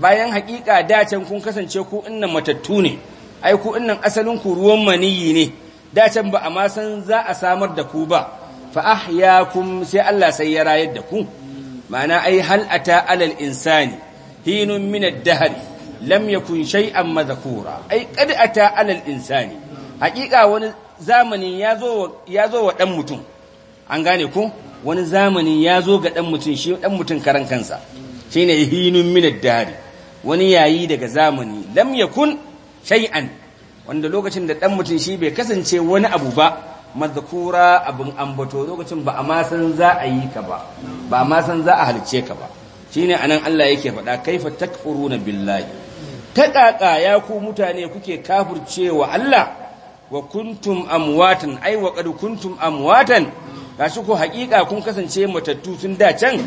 bayan haƙiƙa dacen kun kasance ku innan matattu ne ai ku innan asalin ku ruwan maniyi ne dacen ba a ma za a samar da ku ba fa ahyakum sai Allah sai ya rayar da ku ma'ana ai hal ata alal insani hinun min ad-dahr lam yakun shay'an madhkura ai qad ata alal insani haƙiƙa wani zamanin ya zo wa ɗan mutum an gane ku. wani zamanin ya zo ga ɗan mutum shi ɗan mutum karan kansa shi ne hinun minad dari wani yayi daga zamani lam yakun shay'an wanda lokacin da ɗan mutum shi bai kasance wani abu ba mazkura abin ambato lokacin ba a ma san za a yi ka ba ba a san za a halice ka ba shine anan Allah yake faɗa kaifa takfuruna billahi Ta kaka ya ku mutane kuke kafircewa Allah wa kuntum amwatan ay wa qad kuntum amwatan gashi ko haƙiƙa kun kasance matattu tun da can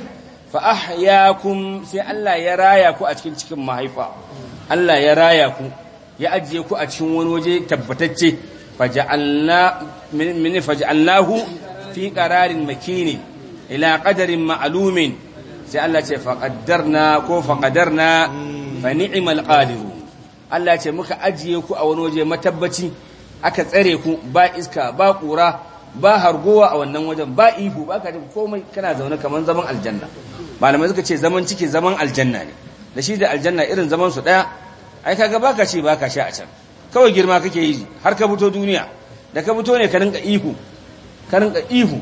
fa ahyaakum sai Allah ya raya ku a cikin cikin mahaifa Allah ya raya ku ya ajiye ku a cikin wani waje tabbatacce faja’allahu fi ƙararin makini ila ƙadarin ma'alumin sai Allah ce na ko na fa ni’imal qadiru Allah ce muka ajiye ku a wani waje matabbaci aka tsare ku ba iska ba ƙura ba hargowa a wannan wajen ba ihu ba ka komai kana zaune kamar zaman aljanna malamai suka ce zaman ciki zaman aljanna ne da shi da aljanna irin zaman su ɗaya ai kaga baka ce baka sha a can kawai girma kake yi har ka fito duniya da ka fito ne ka rinka ihu ka rinka ihu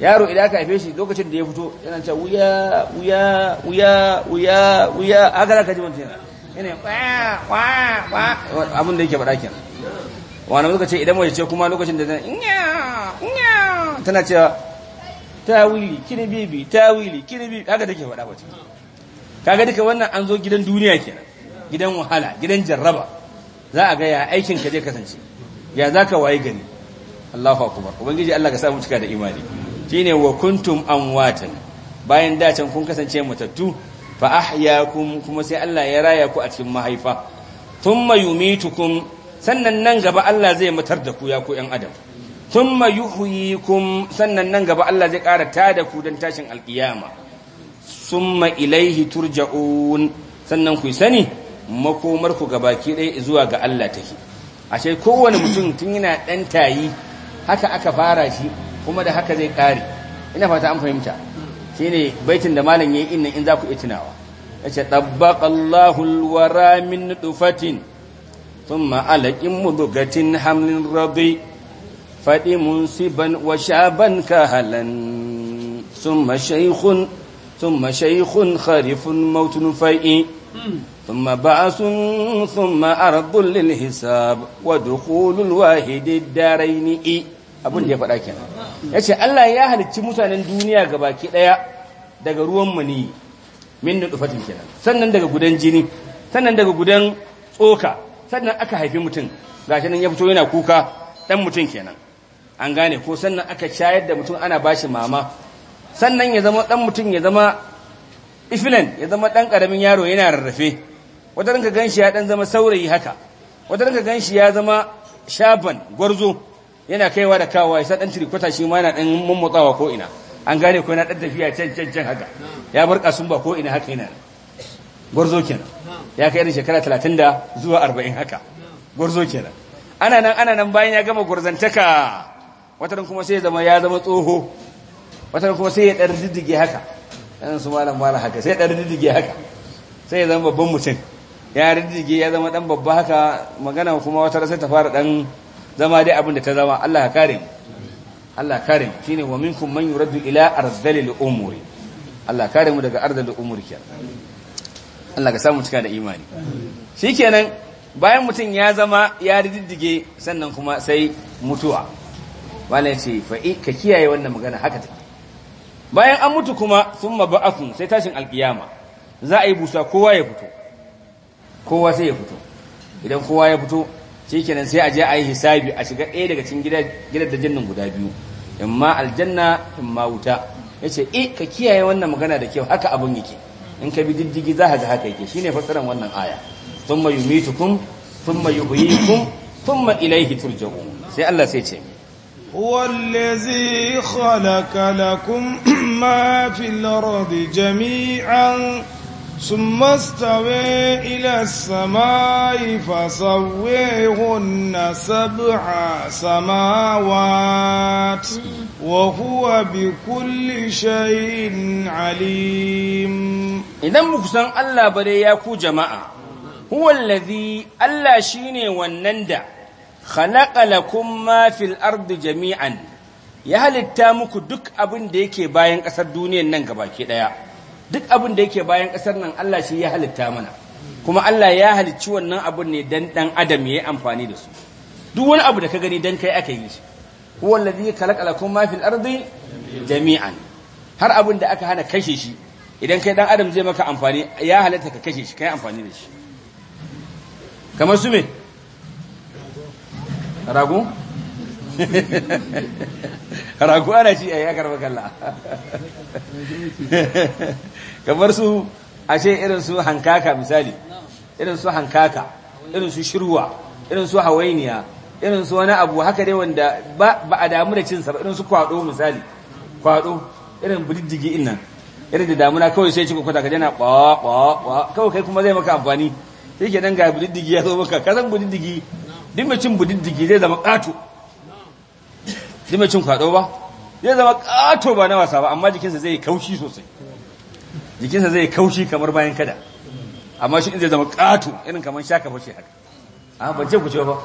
yaro idan aka haife shi lokacin da ya fito yana cewa wuya wuya wuya wuya wuya haka za ka ji mutum yana ba wa wa wa abin da yake faɗa kenan wani suka ce idan mace ce kuma lokacin da zan inya inya tana cewa tawili kini bibi tawili kini bibi haka take faɗa wace kaga duka wannan an zo gidan duniya kenan gidan wahala gidan jarraba za a ga ya aikin ka zai kasance ya za ka waye gani Allahu akbar ubangiji Allah ka samu cika da imani shine wa kuntum amwatan bayan da can kun kasance matattu fa ahyaakum kuma sai Allah ya raya ku a cikin mahaifa thumma yumitukum sannan nan gaba Allah zai matar da ku ya ku yan adam thumma yuhyikum sannan nan gaba Allah zai ƙara tada ku dan tashin alkiyama summa ilaihi turja'un sannan ku sani makomarku ku baki ɗaya zuwa ga Allah take ashe kowane mutum tun yana ɗan tayi haka aka fara shi kuma da haka zai ƙare ina fata an fahimta shine baitin da malam yayi innan in za ku itinawa tunawa yace tabbaqa alwara min dufatin thumma alaqim mudgatin hamlin radi fadi munsiban wa shaban kahalan thumma shaykhun thumma shaykhun kharifun mautun fai'i hmm. ثم بعث ثم أرض للحساب ودخول الواحد الدارين إي abin da ya faɗa kenan ya ce Allah ya halicci mutanen duniya ga baki ɗaya daga ruwan mani min nufatin kenan sannan daga gudan jini sannan daga gudan tsoka sannan aka haifi mutum gashi nan ya fito yana kuka ɗan mutum kenan an gane ko sannan aka shayar da mutum ana bashi mama sannan ya zama ɗan mutum ya zama ifilan ya zama ɗan ƙaramin yaro yana rarrafe wata ranka ganshi ya dan zama saurayi haka wata ranka shi ya zama shaban gwarzo yana kaiwa da kawa ya sa dan tirikota shi ma yana dan mummutsawa ko ina an gane ko yana dan tafiya can can can haka ya bar kasun ba ko ina haka yana gwarzo kenan ya kai irin shekara 30 da zuwa 40 haka gwarzo kenan ana nan ana nan bayan ya gama gwarzantaka wata ran kuma sai ya zama ya zama tsoho wata ran kuma sai ya dan diddige haka dan su malam malam haka sai dan diddige haka sai ya zama babban mutum ya rinjige ya zama dan babba haka magana kuma wata sai ta fara dan zama dai abin da ta zama Allah ya kare Allah Allah kare shine wa minkum man yuraddu ila ardhalil umuri Allah kare mu daga ardhalil umuri kiyar Allah ka samu cika da imani shikenan bayan mutum ya zama ya riddige sannan kuma sai mutuwa wala ce fa ka kiyaye wannan magana haka take bayan an mutu kuma thumma ba'athun sai tashin alqiyama za a yi busa kowa ya fito kowa sai ya fito idan kowa ya fito shikenan sai a je a yi hisabi a shiga ɗaya daga cikin gidan da jannan guda biyu imma aljanna imma wuta yace eh ka kiyaye wannan magana da kyau haka abun yake in ka bi diddigi za ka ga haka yake shine fasaran wannan aya thumma yumitukum thumma yuhyikum thumma ilayhi turja'un sai Allah sai ce wallazi khalaqa lakum ma fil ardi jami'an ثم استوى إلى السماء فسويهن سبع سماوات وهو بكل شيء عليم إذا مكسن الله برياكو جماعة هو الذي الله شيني والنندع خلق لكم ما في الأرض جميعا يهل التامك دك أبن ديكي باين أسر دوني الننقبا كي duk abin da yake bayan ƙasar nan Allah shi ya halitta mana kuma Allah ya halicci wannan abin ne dan dan adam ya yi amfani da su duk wani abu da ka gani dan kai aka yi shi huwal ladhi khalaqalakum ma fil ardi jami'an har abin da aka hana kashe shi idan kai dan adam zai maka amfani ya halatta ka kashe shi kai amfani da shi kamar su me rago raku ana ci a yi akar makalla kamar su ashe irin su hankaka misali irin su hankaka irin su shirwa irin su hawainiya irin su wani abu haka dai wanda ba a damu da cinsa ba irin su kwado misali kwado irin budiddige inna irin da damuna kawai sai cikin kwata ka jana ba ba ba kawai kai kuma zai maka amfani sai ke dan ga budiddigi ya zo maka ka san budiddigi duk mai cin budiddigi zai zama kato zai mai cin kwaɗo ba zai zama ƙato ba na wasa ba amma jikinsa zai kaushi sosai jikinsa zai kaushi kamar bayan kada amma shi in zai zama ƙato irin kamar shaka fashe haka a ban ce ku ce ba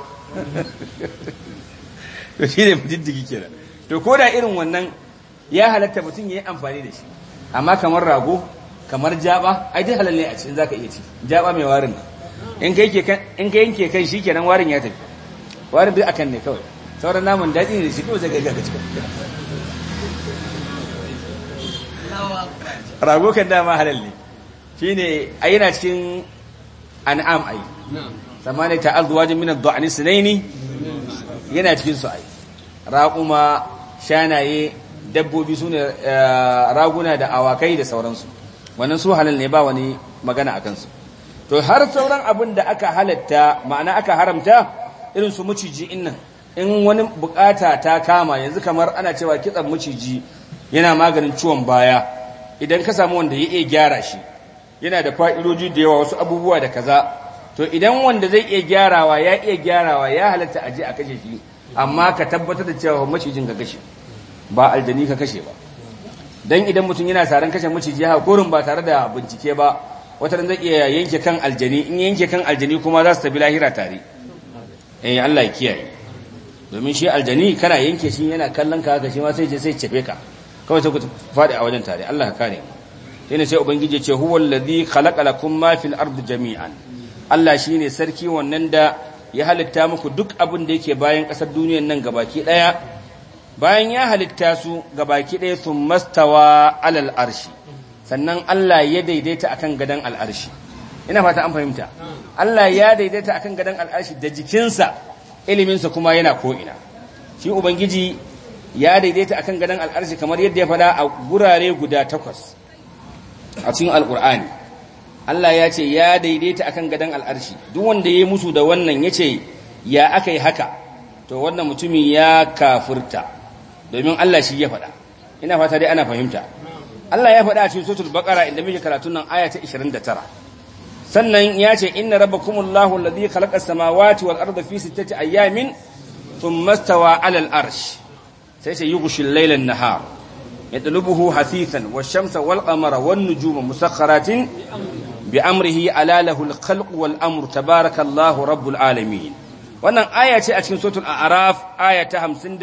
to shi ne mujiddigi kenan to ko da irin wannan ya halatta mutum ya yi amfani da shi amma kamar rago kamar jaba ai dai halalle a cikin zaka iya ci jaba mai warin in kai yanke kan shi kenan warin ya tafi warin duk akan ne kawai sauran namun daji ne da shi kawai sai ga rago kan dama halal ne ne a yana cikin an'am ai samani ta azwajin min du'ani, duani sunaini yana cikin su ai shanaye dabbobi sune eh, raguna da awakai da sauransu wannan su halal ne ba wani magana a kansu. to har sauran abin da aka halatta ma'ana aka haramta irin su muciji innan in wani bukata ta kama yanzu kamar ana cewa kitsan maciji yana maganin ciwon baya idan ka samu wanda ya iya gyara shi yana da fa'iloji da yawa wasu abubuwa da kaza to idan wanda zai iya gyarawa ya iya gyarawa ya halatta aje a kashe shi amma ka tabbatar da cewa macijin ka kashe ba aljani ka kashe ba dan idan mutum yana saran kashe maciji ha korin ba tare da bincike ba wata zai iya yanke kan aljani in yanke kan aljani kuma za su tafi lahira tare eh Allah kiyaye domin shi aljani kana yanke shi yana kallon ka haka shi ma sai je sai cefe ka kawai sai ku fadi a wajen tare Allah ka kare ne sai ubangiji ce huwal ladhi khalaqa lakum ma fil ard jami'an Allah shine sarki wannan da ya halitta muku duk abin da yake bayan ƙasar duniyar nan gabaki daya bayan ya halitta su gabaki daya thummastawa alal arshi sannan Allah ya daidaita akan gadan al'arshi ina fata an fahimta Allah ya daidaita akan gadan al'arshi da jikinsa iliminsa kuma yana ko'ina shi ubangiji ya daidaita akan gadon al'arshi kamar yadda ya fada a gurare guda takwas a cikin al'ur'ani Allah ya ce ya daidaita akan gadon al'arshi duk wanda ya musu da wannan ya ce ya aka yi haka to wannan mutumin ya kafurta domin Allah shi ya fada ina fata dai ana fahimta Allah ya fada a cikin sotul bakara inda muke karatun nan aya ta 29 sannan ya ce inna rabbakumullahu alladhi khalaqa as-samawati wal arda fi sittati ayyamin thumma stawa 'ala al-arsh sai ce yughshi al-layla an-nahar yatlubuhu hasithan wash-shamsa wal-qamara wan-nujuma musakhkharatin bi amrihi lahu al-khalqu wal-amru tabarakallahu rabbul alamin wannan aya ce a cikin suratul a'raf aya ta 54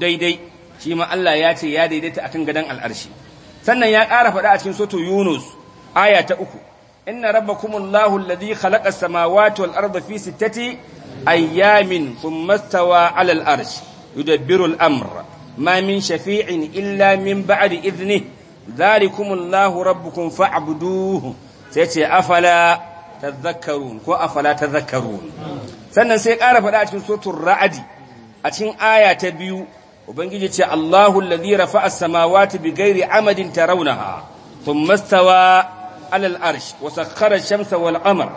daidai shi ma Allah ya ce ya daidaita akan gadan al-arshi sannan ya ƙara faɗa a cikin suratul yunus aya ta uku inna rabbakumullahu alladhi khalaqa as-samawati wal arda fi sittati ayyamin thumma stawa 'ala al-arsh yudabbiru al-amra ma min shafi'in illa min ba'di idhnihi dhalikumullahu rabbukum fa'buduhu sai ce afala tadhakkarun ko afala tadhakkarun sannan sai ƙara faɗa a cikin suratul ra'd a cikin aya ta biyu ubangiji ce Allahu alladhi rafa'a as-samawati bighairi amadin tarawnaha thumma stawa على العرش وسخر الشمس والقمر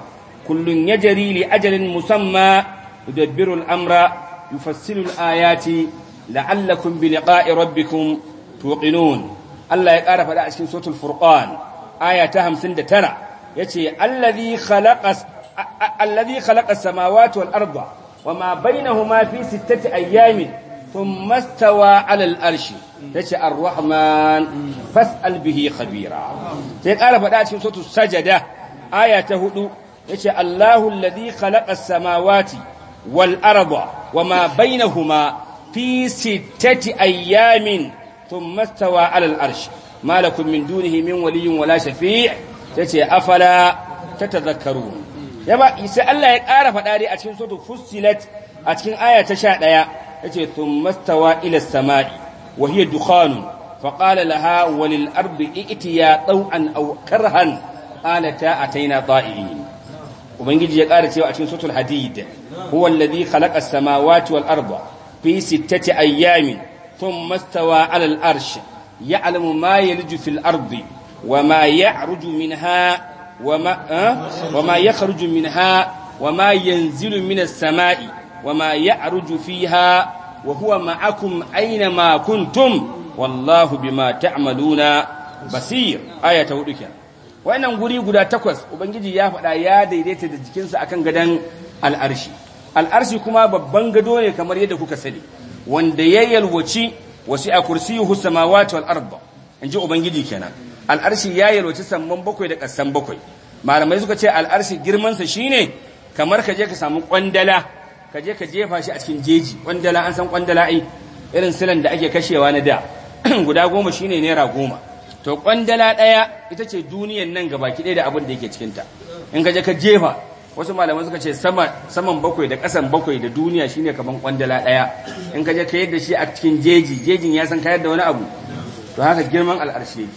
كل يجري لأجل مسمى يدبر الأمر يفصل الآيات لعلكم بلقاء ربكم توقنون الله يقرأ فلا أشكين سورة الفرقان آية تهم سند ترى يتي الذي خلق الذي خلق السماوات والأرض وما بينهما في ستة أيام tummastawa alal arshi ta ce arrahman fas'al bihi khabira sai ƙara faɗa cikin sautu sajada aya ta hudu ya ce allahu alladhi khalaqa samawati wal arda wa ma bainahuma fi sittati ayyamin tummastawa alal arshi malakum min dunihi min waliyyin wala shafi' ta ce afala tatazakkarun yaba sai Allah ya ƙara faɗa dai a cikin sautu fussilat a cikin aya ta ɗaya. يجي ثم استوى إلى السماء وهي دخان فقال لها وللأرض ائتيا طوعا أو كرها قالتا أتينا طائعين وبنجي قالت يا أتين صوت الحديد هو الذي خلق السماوات والأرض في ستة أيام ثم استوى على الأرش يعلم ما يلج في الأرض وما يعرج منها وما, أه؟ وما يخرج منها وما ينزل من السماء وما يعرج فيها وهو معكم أينما كنتم والله بما تعملون basir aya ta hudu kenan wannan guri guda takwas ubangiji ya faɗa ya daidaita da jikinsa akan gadan al'arshi al'arshi kuma babban gado ne kamar yadda kuka sani wanda ya yalwaci wasu a kursiyuhu samawati wal arda inji ubangiji kenan al'arshi ya yalwaci samman bakwai da kasan bakwai malamai suka ce al'arshi girmansa sa shine kamar ka je ka samu kwandala ka je ka jefa shi a cikin jeji kwandala an san kwandala ai irin silan da ake kashewa na da guda goma shine naira goma to kwandala ɗaya ita ce duniyan nan gaba ki da abin da yake cikin ta in ka je ka jefa wasu malaman suka ce saman bakwai da kasan bakwai da duniya shine kaman kwandala daya in ka je ka yadda shi a cikin jeji jejin ya san kayar da wani abu to haka girman al'arshi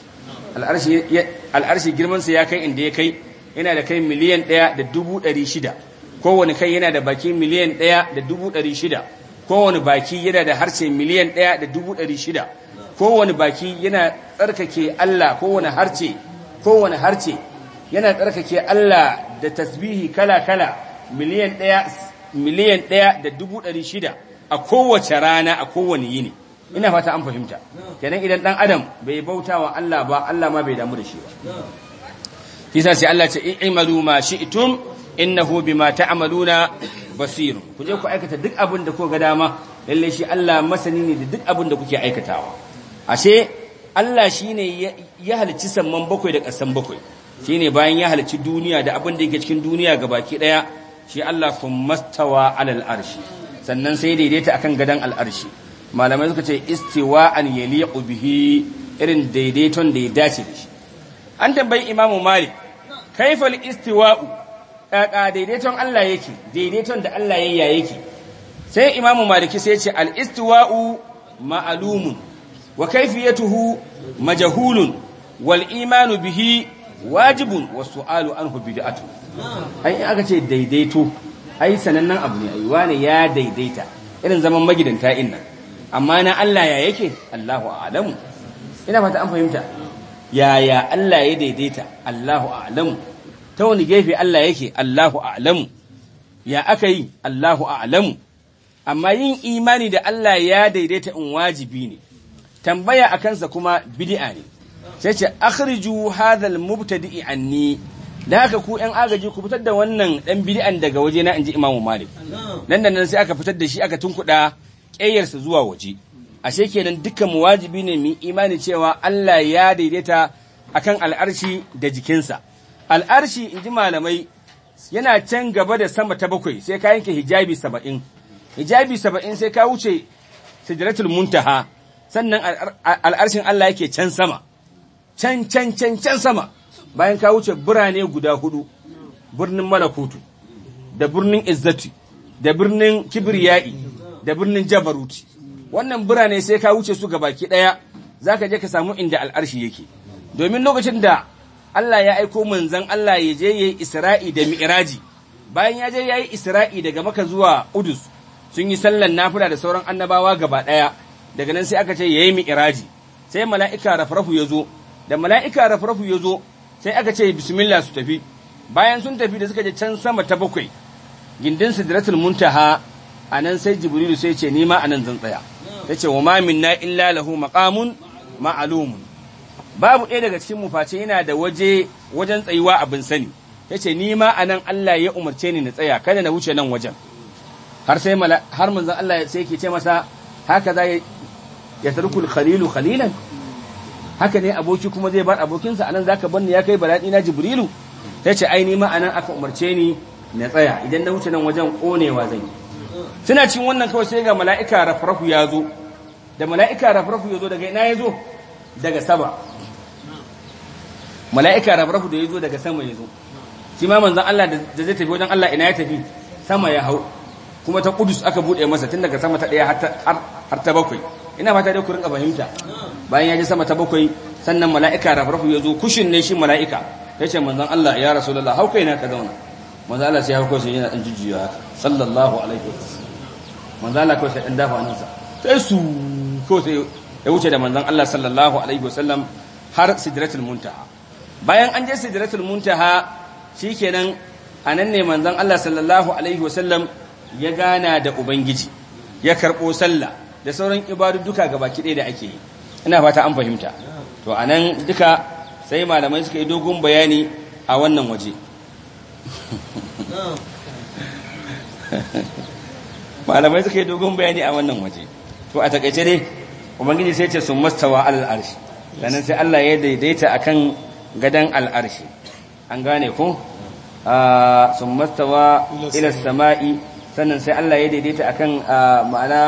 al'arshi sa ya kai inda ya kai yana da kai miliyan ɗaya da dubu ɗari shida kowane kai yana da baki miliyan ɗaya da dubu ɗari shida kowane baki yana da harshe miliyan ɗaya da dubu ɗari shida kowane baki yana tsarkake Allah kowane harce kowane harce yana tsarkake Allah da tasbihi kala-kala miliyan ɗaya miliyan ɗaya da dubu ɗari shida a kowace rana a kowane yini ina fata an fahimta kenan idan ɗan adam bai bauta wa Allah ba Allah ma bai damu da shi ba fisa sai Allah ce i'malu ma shi'tum innahu bima ta'maluna basir ku je ku aikata duk abin da ku ga dama lalle shi Allah masani ne da duk abin da kuke aikatawa ashe Allah shine ya halicci samman bakwai da kasan bakwai shine bayan ya halicci duniya da abin da yake cikin duniya gabaki daya shi Allah mastawa alal arshi sannan sai daidaita akan gadan al arshi malamai suka ce an yaliqu bihi irin daidaiton da ya dace da shi an tambayi imamu malik kaifal istiwa'u daidaiton Allah yake daidaiton da Allah yayya yake sai imamu maliki sai ce al-istiwa'u ma'lumun wa kayfiyatuhu majahulun wal imanu bihi wajibun was su'alu anhu bid'atu ai aka ce daidaito ai sanannen abu ne ai ne ya daidaita irin zaman magidanta inna amma na Allah ya yake Allahu a'lamu ina fata an fahimta yaya Allah ya daidaita Allahu a'lamu ta wani gefe Allah yake Allahu a'lamu ya aka yi Allahu a'lamu amma yin imani da Allah ya daidaita in wajibi ne tambaya a kansa kuma bidi'a ne sai ce akhriju hadhal mubtadi'i anni da haka ku yan agaji ku fitar da wannan ɗan bid'an daga waje na inji Imam Malik nan da nan sai aka fitar da shi aka tunkuda ƙeyarsa zuwa waje ashe kenan dukkan wajibi ne mu imani cewa Allah ya daidaita akan al'arshi da jikinsa al'arshi in ji malamai yana can gaba da sama ta bakwai sai ka yanke hijabi saba'in hijabi saba'in sai ka wuce sijiratul muntaha sannan al'arshin Allah yake can sama can can can can sama bayan ka wuce birane guda hudu birnin malakutu da birnin izzati da birnin kibriyai da birnin jabaruti wannan birane sai ka wuce su gabaki daya ka je ka samu inda al'arshi yake domin lokacin da Allah ya aiko manzan Allah ya je ya yi Isra'i da Mi'iraji, bayan ya je ya yi Isra'i daga maka zuwa Udus, sun yi sallan nafila da sauran annabawa gaba ɗaya, daga nan sai aka ce ya yi Mi'iraji, sai mala'ika rafrafu ya zo, da mala'ika rafrafu ya zo, sai aka ce bismillah su tafi, bayan sun tafi da suka je can sama ta bakwai, gindin sidratul muntaha a nan sai Jibrilu sai ce nima a nan zan tsaya, ta ce wa ma na illa lahu maqamun ma'alumun. babu ɗaya daga cikin muface yana da waje wajen tsayuwa abin sani ta ce ni ma a nan Allah ya umarce ni na tsaya kada na wuce nan wajen har sai har manzon Allah sai yake ce masa haka za ya tarkul khalilu khalilan haka ne aboki kuma zai bar abokinsa anan zaka bar ni ya kai baladi na jibrilu ce ai ni ma a nan aka umarce ni na tsaya idan na wuce nan wajen konewa zan yi suna cin wannan kawai sai ga mala'ika rafrafu ya zo da mala'ika rafrafu ya zo daga ina ya zo daga saba mala'ika rabrahu da ya zo daga sama ya zo shi ma manzan Allah da zai tafi wajen Allah ina ya tafi sama ya hau kuma ta kudus aka buɗe masa tun daga sama ta ɗaya har ta bakwai ina fata dai ku rinka fahimta bayan ya ji sama ta bakwai sannan mala'ika rabrahu ya zo kushin ne shi mala'ika ya ce manzan Allah ya rasulullah hau kai na ka zauna manzan Allah sai ya hauko shi yana ɗan jujjuya sallallahu alaihi wa manzan Allah kawai sai ɗan dafa hannunsa sai su kawai sai ya wuce da manzan Allah sallallahu alaihi wasallam har sidratul muntaha bayan an je sidratul muntaha shikenan anan ne manzon Allah sallallahu alaihi wasallam ya gana da ubangiji ya karbo sallah da sauran ibadu duka gabaki ɗaya da ake yi ina fata an fahimta to anan duka sai malamai suka yi dogon bayani a wannan waje malamai suka yi dogon bayani a wannan waje to a takaice dai ubangiji sai ce sun mastawa alal arshi sannan sai Allah ya daidaita akan gadan al'arshi an gane ku ah, sun mastawa ila sama'i sannan sai Allah ya daidaita akan ah, ma'ana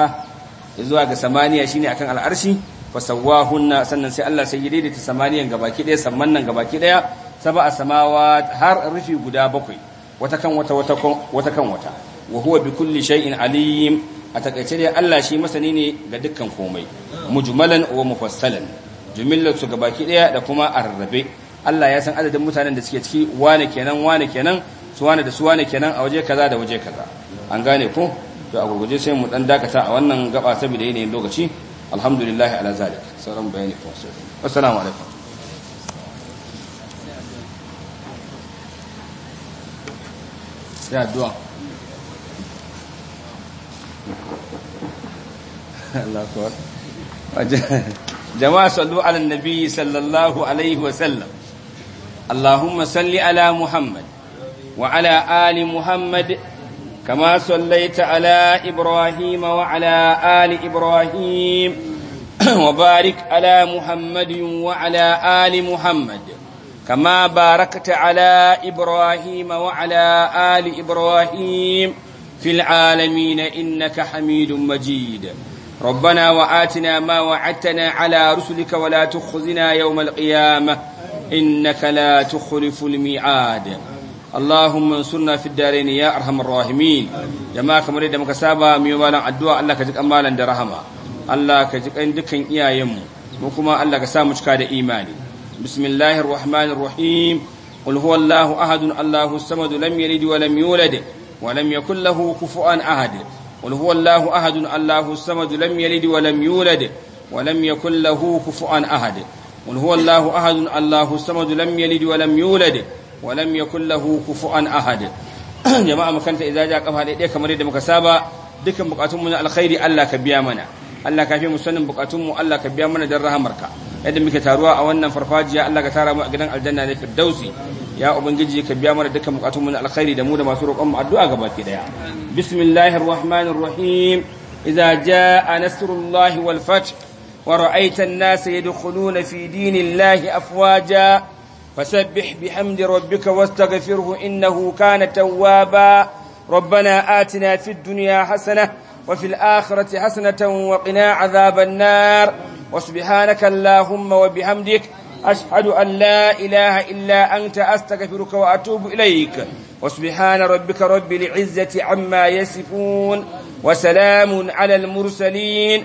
zuwa ga samaniya shine akan al'arshi fasawa hunna sannan sai Allah sai ya daidaita samaniyan gabaki daya samman nan gabaki daya sab'a samawa har rufi guda bakwai wata kan wata wata kan wata wa huwa bi kulli shay'in alim a takaice dai Allah shi masani ne ga dukkan komai mujmalan wa mufassalan jumillar su gabaki daya da kuma arrabe Allah ya san adadin mutanen da suke ciki wane kenan wane kenan su wane da su wane kenan a waje kaza da waje kaza an gane ko to a gurguje sai mu dan dakata a wannan gaba saboda yanayin lokaci alhamdulillah ala zalik sauran bayani ko assalamu alaikum ya du'a Allah jama'a sallu ala nabi sallallahu alaihi wa sallam اللهم صل على محمد وعلى آل محمد كما صليت على إبراهيم وعلى آل إبراهيم وبارك على محمد وعلى آل محمد كما باركت على إبراهيم وعلى آل إبراهيم في العالمين إنك حميد مجيد ربنا وآتنا ما وعدتنا على رسلك ولا تخزنا يوم القيامة إنك لا تخلف الميعاد اللهم انصرنا في الدارين يا أرحم الراحمين جماعة كمري da muka saba mu malan addu'a Allah ka ji kamalan da rahama Allah ka ji kan dukan iyayenmu mu kuma Allah sa mu cika da imani bismillahir rahmanir rahim qul huwallahu ahad allahu samad lam yalid wa lam yulad wa lam yakul lahu kufuwan ahad qul huwallahu ahad allahu samad lam yalid wa قل هو الله أحد الله الصمد لم يلد ولم يولد ولم يكن له كفوا أحد jama'a makanta idan ja kafa ɗaya kamar yadda muka saba dukkan bukatunmu na alkhairi Allah ka biya mana Allah ka mu sanin bukatunmu Allah ka biya mana dan rahamarka yadda muke taruwa a wannan farfajiya Allah ka tara mu a gidan aljanna ne firdausi ya ubangiji ka biya mana dukkan bukatunmu na alkhairi da mu da masu roƙon mu addu'a gabaki daya bismillahir rahmanir rahim idza nasrullahi wal ورأيت الناس يدخلون في دين الله أفواجا فسبح بحمد ربك واستغفره إنه كان توابا ربنا آتنا في الدنيا حسنة وفي الآخرة حسنة وقنا عذاب النار وسبحانك اللهم وبحمدك أشهد أن لا إله إلا أنت أستغفرك وأتوب إليك وسبحان ربك رب العزة عما يصفون وسلام على المرسلين